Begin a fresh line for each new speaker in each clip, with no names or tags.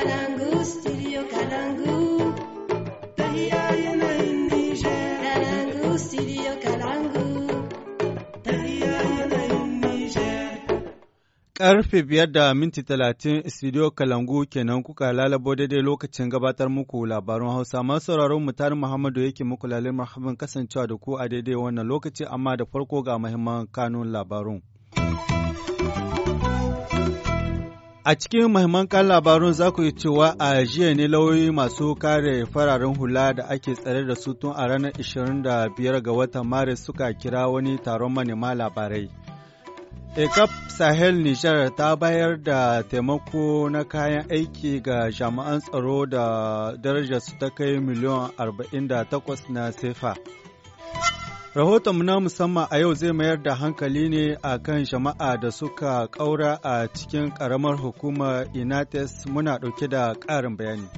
Kalangu,
Karfe biyar da minti talatin studio Kalangu kenan kuka lalabo daidai lokacin gabatar muku labarun Hausa. Masu sauraron mu Muhammadu yake muku lalin marhaban kasancewa da ku a daidai wannan lokaci amma da farko ga muhimman kanun labarun. A cikin mahimman kan labarun za ku yi cewa a jiya ne lauyi masu kare fararen hula da ake tsare da su tun a ranar 25 ga watan Maris suka kira wani taron manema labarai. ekap Sahel Nijar ta bayar da taimako na kayan aiki ga jami'an tsaro da darajarsu ta kai miliyan 48 na sefa. Rahotonmu na musamman a yau zai mayar da hankali ne a kan jama'a da suka ƙaura a cikin ƙaramar hukumar Inates muna ɗauke da ƙarin bayani.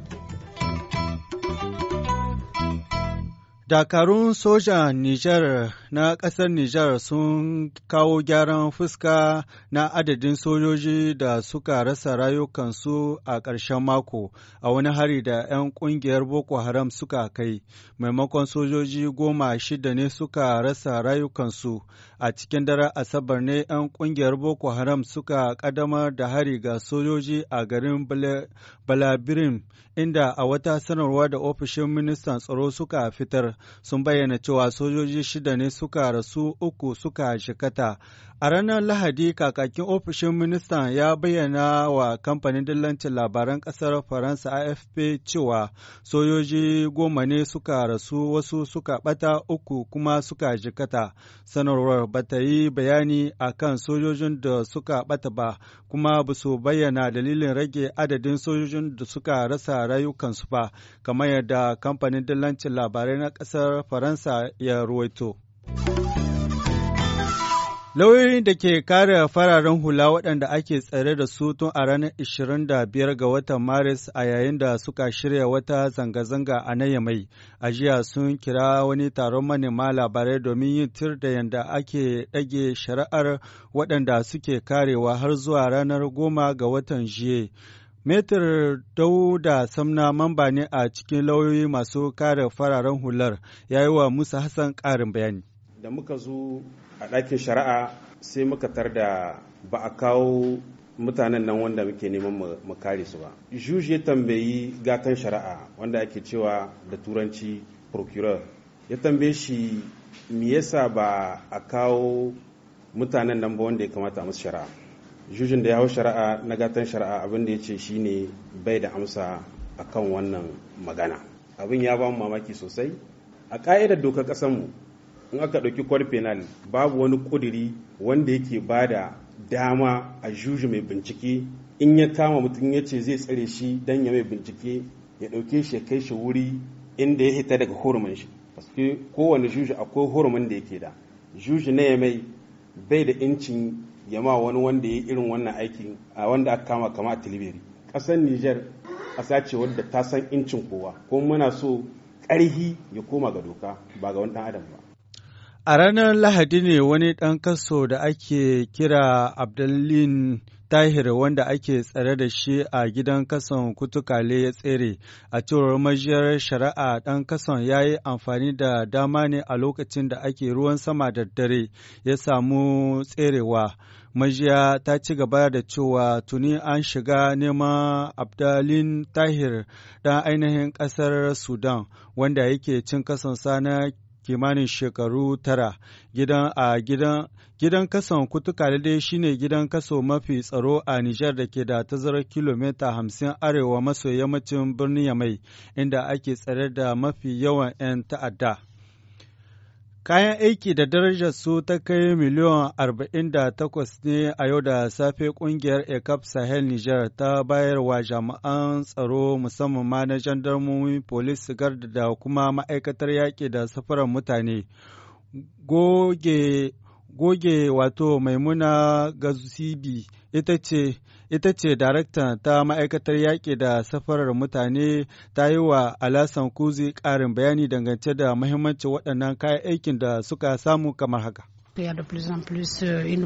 Dakarun sojan Nijar na ƙasar Nijar sun kawo gyaran fuska na adadin sojoji da suka rasa rayukansu a ƙarshen mako a wani hari da 'yan ƙungiyar Boko Haram suka kai, maimakon sojoji goma shida ne suka rasa rayukansu a cikin daren Asabar ne 'yan ƙungiyar Boko Haram suka ƙaddamar da hari ga sojoji a garin Balabirin inda a wata sanarwa da ofishin ministan tsaro suka fitar sun bayyana cewa sojoji shida ne suka rasu uku suka shikata. A ranar Lahadi kakakin ofishin ministan ya bayyana wa kamfanin dillancin labaran ƙasar Faransa AFP cewa sojoji goma ne suka rasu wasu suka ɓata uku kuma suka jikata. Sanarwar ba ta yi bayani a kan sojojin da suka ɓata ba kuma ba su bayyana dalilin rage adadin sojojin da suka rasa rayukansu ba kamar yadda kamfanin dillancin labarai na ƙasar Faransa ya ruwaito. Lauyoyin da ke kare fararen hula waɗanda ake tsare da su tun a ranar 25 ga watan Maris a yayin da suka shirya wata zanga-zanga a na Yamai, a jiya sun kira wani taron manema labarai domin yin tir da yadda ake ɗage shari'ar waɗanda suke karewa har zuwa ranar goma ga watan jiye. Metir Dauda Samna mamba ne a cikin lauyoyi masu kare fararen hular ya yi wa Musa Hassan ƙarin bayani.
da muka zo a ɗakin shari'a sai muka tar da ba a kawo mutanen nan wanda muke neman mu kare su ba juge ya tambayi gatan shari'a wanda ake cewa da turanci procureur ya tambaye shi me yasa ba a kawo mutanen nan ba wanda ya kamata musu shari'a jujin da ya hau shari'a na gatan shari'a abin da ya ce shine bai da amsa akan wannan magana abin ya ba mu mamaki sosai a ƙa'idar dokar mu. in aka ɗauki kwar penal babu wani ƙudiri wanda yake ba da dama a juji mai bincike in ya kama mutum ya ce zai tsare shi dan ya mai bincike ya ɗauke shi ya kai shi wuri inda ya hita daga hurumin shi paske kowane juji akwai hurumin da yake da juji na ya mai bai da incin ya ma wani wanda ya yi irin wannan aikin a wanda aka kama kama a tilibiri ƙasar Nijar a ce wadda ta san incin kowa kuma muna so ƙarhi ya koma ga doka ba ga wani ɗan adam ba
A ranar Lahadi ne wani ɗan kaso da ake kira Abdullin Tahir wanda ake tsare da shi a gidan kason kutukale ya tsere. A cewar majiyar shari'a ɗan kason ya yi amfani da dama ne a lokacin da ake ruwan sama da dare ya samu tserewa. Majiya ta ci gaba da cewa tuni an shiga neman Abdalin Tahir ɗan ainihin ƙasar Sudan wanda yake cin kasonsa na kimanin shekaru tara gidan a gidan gidan kasan kutuka dai shine gidan kaso mafi tsaro a Nijar da ke da tazarar kilomita hamsin arewa maso yammacin birnin Yamai inda ake tsare da mafi yawan 'yan ta'adda. Kayan aiki da darajar su ta kai miliyan 48 ne a yau da safe kungiyar ekap Sahel Niger ta bayar wa jami'an tsaro musamman ma na jandarmomi polis da kuma ma'aikatar yaƙi da safarar mutane. Goge goge wato maimuna gazusibi ita ce ita ce darakta ta ma'aikatar yaƙi da safarar mutane ta yi wa alasan kuzi ƙarin bayani dangance da muhimmancin waɗannan kayan aikin da suka samu kamar haka.
Euh,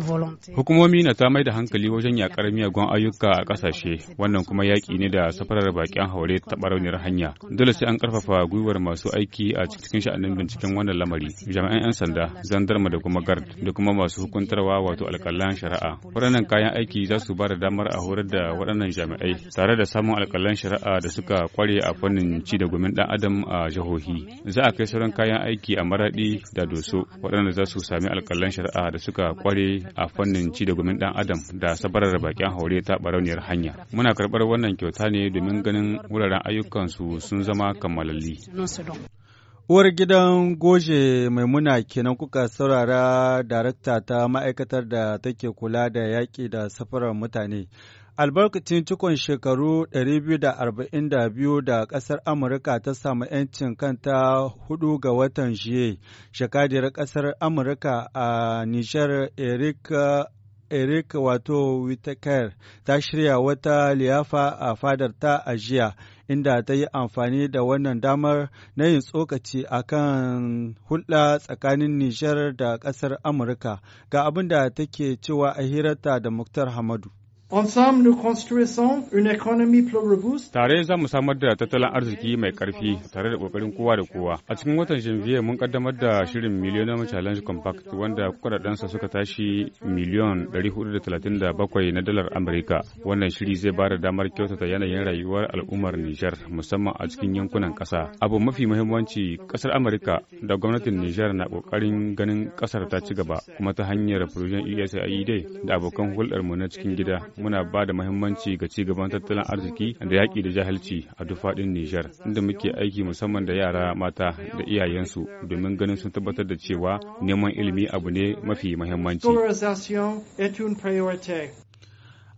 Hukumomi na ta mai da hankali wajen yakar miyagun ayyuka a ƙasashe, wannan kuma yaƙi ne da safarar bakin haure ta barauniyar hanya. Dole sai an ƙarfafa gwiwar masu aiki a cikin sha'anin binciken wannan lamari, jami'an 'yan sanda, zandarma da kuma gard da kuma masu hukuntarwa wato alƙalan shari'a. Waɗannan kayan aiki za su ba da damar a horar da waɗannan jami'ai tare da samun alƙalan shari'a da suka kware a fannin ci da gumin ɗan adam a jihohi. Za a kai sauran kayan aiki a maraɗi da doso waɗanda za su sami alƙalan wakilan shari'a da suka kware a fannin ci da gumin dan adam da sabarar bakin haure ta barauniyar hanya muna karɓar wannan kyauta ne domin ganin wuraren ayyukansu sun zama kammalalli
Uwar gidan goje maimuna kenan kuka saurara darakta ta ma'aikatar da take kula da yaƙi da safarar mutane. Albarkacin cikon shekaru 242 da ƙasar Amurka ta samu 'yancin kanta hudu ga watan jiye, shakadiyar ƙasar Amurka a Nijar Eric Eric wato Whitaker ta shirya wata liyafa a fadar ta a jiya inda ta yi amfani da wannan damar na yin tsokaci a kan hulɗa tsakanin Nijar da ƙasar Amurka ga abin da take cewa a hirarta da Muktar Hamadu.
Tare za mu samar da tattalin arziki mai karfi tare da ƙoƙarin kowa da kowa. A cikin watan Janvier mun kaddamar da shirin Millennium Challenge Compact wanda kuɗaɗensa suka tashi miliyon 437 na dalar Amurka. Wannan shiri zai bada damar kyautata yanayin rayuwar al'ummar Nijar musamman a cikin yankunan ƙasa. Abu mafi muhimmanci ƙasar Amurka da gwamnatin Nijar na ƙoƙarin ganin ƙasar ta ci gaba kuma ta hanyar Projen USAID e da abokan hulɗarmu na cikin gida muna ba da muhimmanci ga ci gaban tattalin arziki da yaƙi da jahilci a duk faɗin Nijar, inda muke aiki musamman da yara mata da iyayensu domin ganin sun tabbatar da cewa neman ilimi abu ne mafi muhimmanci.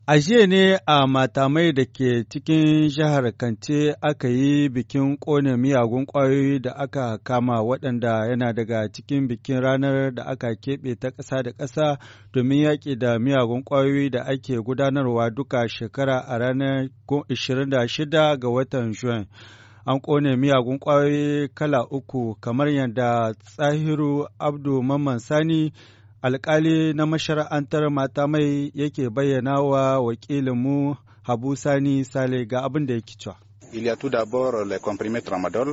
A jiya ne a matamai
da ke cikin jihar Kance aka yi bikin ƙone miyagun ƙwayoyi da aka kama waɗanda yana daga cikin bikin ranar da aka keɓe ta ƙasa da ƙasa domin yaƙi da miyagun ƙwayoyi da ake gudanarwa duka shekara a ranar 26 ga watan Juin. an ƙone miyagun ƙwayoyi kala uku kamar yadda tsahiru abdu mamman sani alkali na mashara'antar mata mai yake bayyana wa wakilinmu Habu Sani Sale ga abin da yake cewa.
Da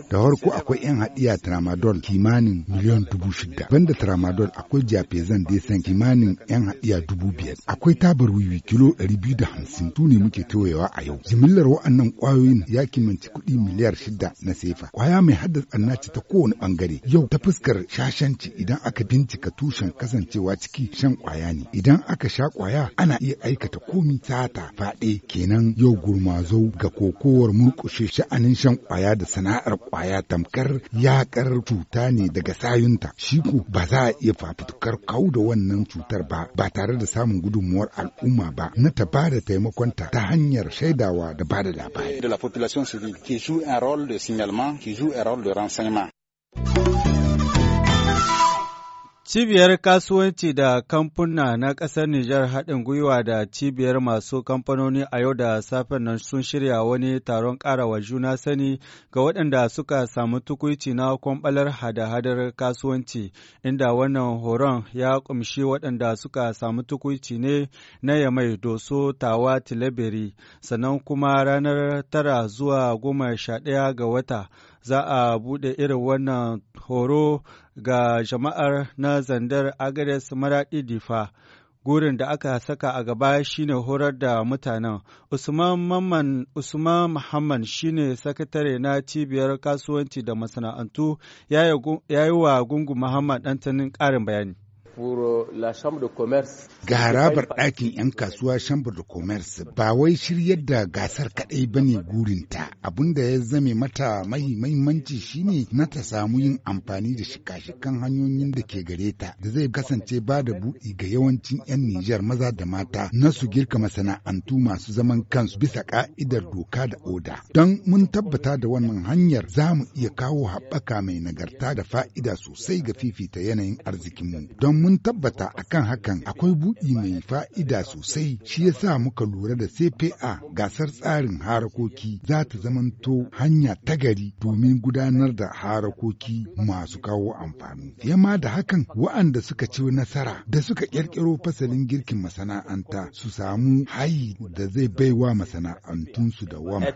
farko akwai 'yan haɗiya tramadol kimanin miliyan dubu shida. Banda tramadol akwai diapazon desan kimanin 'yan haɗiya dubu biyar. Akwai tabar wiwi kilo ɗari biyu da hamsin Tuni muke toyewa a yau. Jimillar wa'annan ƙwayoyin ya kimanci kuɗi miliyar shida na sefa. Ƙwaya mai haddasa annaci ta kowane ɓangare. Yau ta fuskar shashanci idan aka bincika tushen kasancewa ciki shan ƙwaya ne. Idan aka sha ƙwaya ana iya aikata komi sata faɗe kenan yau gurmazo ga kokowar murƙus murƙushe sha'anin shan kwaya da sana'ar kwaya tamkar yaƙar cuta ne daga sayunta shi ko ba za a iya fafutukar kau da wannan cutar ba ba tare da samun gudunmuwar al'umma ba na ta ba da taimakonta ta hanyar shaidawa da ba da labari.
Cibiyar kasuwanci da kamfuna na ƙasar Nijar haɗin gwiwa da cibiyar masu kamfanoni a yau da safen nan sun shirya wani taron ƙarawa juna sani ga waɗanda suka samu tukuici na kwamɓalar hada-hadar kasuwanci, inda wannan horon ya ƙumshi waɗanda suka samu tukuici ne na Yamai Doso Tawa tilabiri sannan kuma ranar tara zuwa goma sha ɗaya ga wata. za a buɗe irin wannan horo ga jama'ar na zandar agares Maraɗi Difa. gurin da aka saka a gaba shine horar da mutanen. Usman Mamman Usman Muhammad shine sakatare na cibiyar kasuwanci da masana'antu ya yi wa gungun Muhammad dantanin ƙarin bayani. Ga harabar
ɗakin 'yan kasuwa Chambre de Commerce ba wai shiryar da gasar kaɗai ba ne gurinta da ya zame mata mahi mahimmanci shine na ta samu yin amfani da shika-shikan hanyoyin da ke gare ta da zai kasance ba da buɗi ga yawancin 'yan Nijar maza da mata na su girka masana'antu masu zaman kansu bisa ka'idar doka da oda. Don mun tabbata da wannan hanyar za mu iya kawo haɓaka mai nagarta da fa'ida sosai ga fifita yanayin arzikinmu don mun tabbata akan hakan akwai buɗi mai fa'ida sosai shi ya sa muka lura da CPA gasar tsarin harakoki za ta zamanto hanya ta gari domin gudanar da harakoki masu kawo amfani. Yamma da hakan wa'anda suka ci nasara da suka ƙirƙiro fasalin girkin masana'anta su samu hayi da zai baiwa masana'antunsu da wama.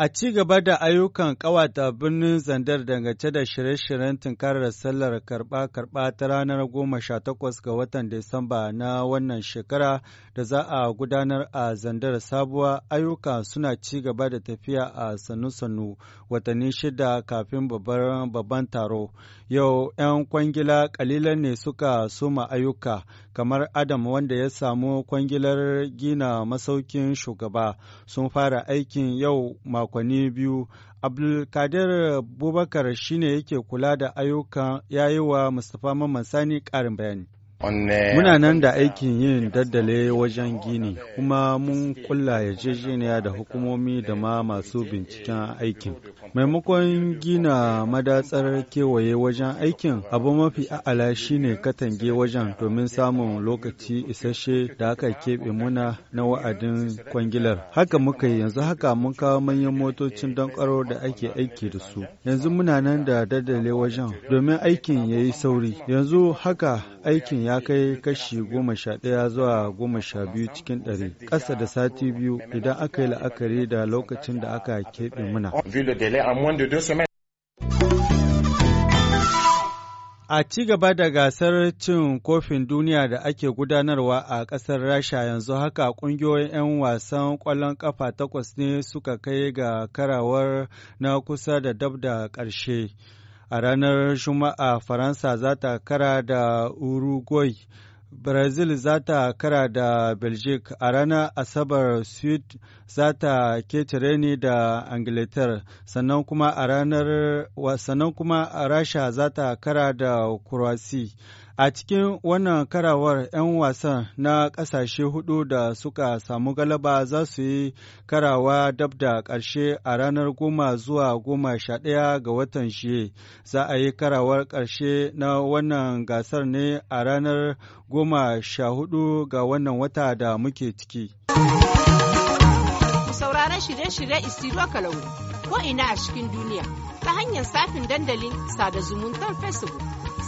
A ci gaba da ayyukan ƙawata birnin Zandar dangance da shirye-shiryen tunkarar sallar karɓa-karɓa ta ranar goma sha takwas ga watan Disamba na wannan shekara da za a gudanar a Zandar sabuwa ayyuka suna ci gaba da tafiya a sanu-sanu watanni shida kafin babban taro. Yau 'yan kwangila ƙalilan ne suka suma ayyuka kamar Adam wanda ya samu kwangilar gina masaukin shugaba sun fara aikin yau makonni biyu. Abdulkadir Bubakar shine yake kula da ayyukan yayi wa Mustapha Mamman Sani karin bayani. Muna nan da aikin yin daddale wajen gini kuma mun kulla yarjejeniya da hukumomi da ma masu binciken aikin. Maimakon gina madatsar kewaye wajen aikin abu mafi a'ala shine katange wajen domin samun lokaci isasshe da aka keɓe muna na wa'adin kwangilar. Haka muka yi yanzu haka mun kawo manyan motocin don da ake aiki da su. Yanzu muna nan da daddale wajen domin aikin ya yi sauri. Yanzu haka aikin ya kai kashi goma sha ɗaya zuwa goma sha biyu cikin ɗari ƙasa da sati biyu idan aka yi la'akari da lokacin da aka keɓe muna. A ci gaba da gasar cin kofin duniya da ake gudanarwa a ƙasar Rasha yanzu haka ƙungiyoyin 'yan wasan ƙwallon ƙafa takwas ne suka kai ga karawar na kusa da dab da ƙarshe. A ranar Juma'a Faransa za ta kara da Uruguay, Brazil za ta kara da Belgique, a ranar Asabar Sud za ta ketare ne da angletar sannan kuma a Rasha za ta kara da Croatia. A cikin wannan karawar 'yan wasan na ƙasashe hudu da suka samu galaba za su yi karawa dab da ƙarshe a ranar goma zuwa goma sha ɗaya ga watan shi. Za a yi karawar karshe na wannan gasar ne a ranar goma sha hudu ga wannan wata da muke ciki.
Sauraron shirye-shirye Isiro Kalau ko ina a cikin duniya ta hanyar safin dandalin sada
zumuntar Facebook.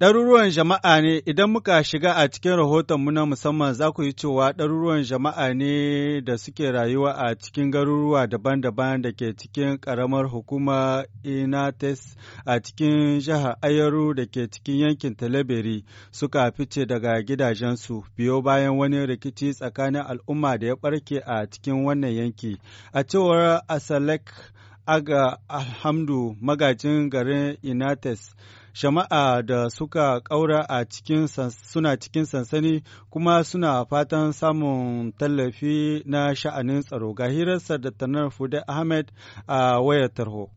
Ɗaruruwan jama'a ne idan muka shiga a cikin rahotonmu na musamman za ku yi cewa ɗaruruwan jama'a ne da suke rayuwa a cikin garuruwa daban-daban da ke cikin ƙaramar hukuma Inates a cikin jihar Ayaru da ke cikin yankin talabiri suka fice daga gidajensu biyo bayan wani rikici tsakanin al'umma da ya barke a cikin wannan yanki. A cewar Asalek Aga Alhamdu magajin garin Inates. shama'a da suka ƙaura a cikin suna cikin sansani kuma suna fatan samun tallafi na sha'anin tsaro ga hirarsa da tanar Fude Ahmed a wayar tarho.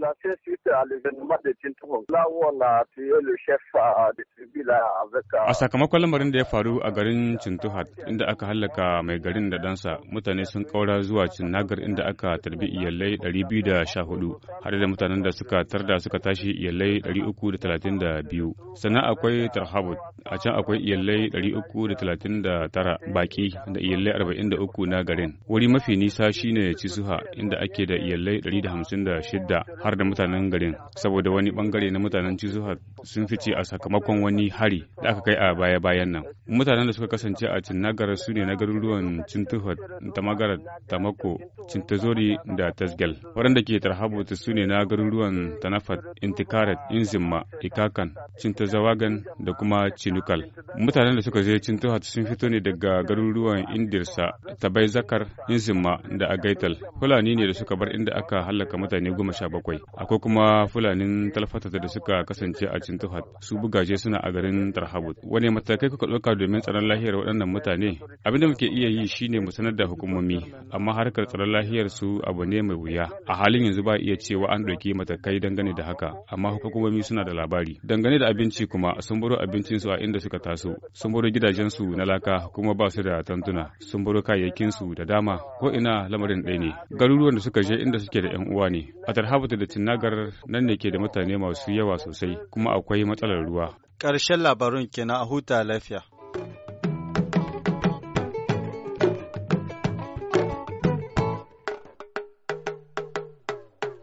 La suite à l'événement de Tintou. là où on a tué le chef euh, de tribu là avec.
Euh, a sakamakon lamarin da ya faru a garin Cintuhat inda aka hallaka mai garin da ɗansa mutane sun kaura zuwa Cinnagar inda aka tarbi iyalai 214 har da mutanen da suka tarda suka tashi iyalai 332 sannan akwai Tarhabut a can akwai iyalai 339 baki da iyalai 43 na garin wuri mafi nisa shine Cisuha inda ake da iyalai 156 har da mutanen garin saboda wani bangare na mutanen Cisuha sun fice a sakamakon wani hari da aka kai a baya-bayan nan. Mutanen da suka kasance a Cinnagara su ne na garuruwan Cintuhar, Tamagara, Tamako, Cintazori da Tasgel. Waɗanda ke Tarhabuta su ne na garuruwan Tanafat, intikaret inzima Ikakan, Cintazawagan da kuma Cinukal. Mutanen da suka je Cintuhar sun fito ne daga garuruwan Indirsa, Tabai Zakar, Inzimma da Agaital. Fulani ne da suka bar inda aka hallaka mutane goma sha bakwai. Akwai kuma Fulanin Talfata da suka kasance a lokacin tuhat su bugaje suna a garin Tarhabut. Wane matakai kuka ɗauka domin tsaron lahiyar waɗannan mutane? Abin da muke iya yi shine mu sanar da hukumomi, amma harkar tsaron lahiyar su abu ne mai wuya. A halin yanzu ba iya cewa an ɗauki matakai dangane da haka, amma hukumomi suna da labari. Dangane da abinci kuma sun baro abincin su a inda suka taso, sun baro gidajen su na laka kuma ba su da tantuna, sun baro kayayyakin su da dama, ko ina lamarin ɗaya ne. Garuruwan da suka je inda suke da 'yan uwa ne. A Tarhabut da Tinagar nan ne ke da mutane masu yawa sosai, kuma akwai matsalar ruwa.
Ƙarshen labarun kenan a huta lafiya.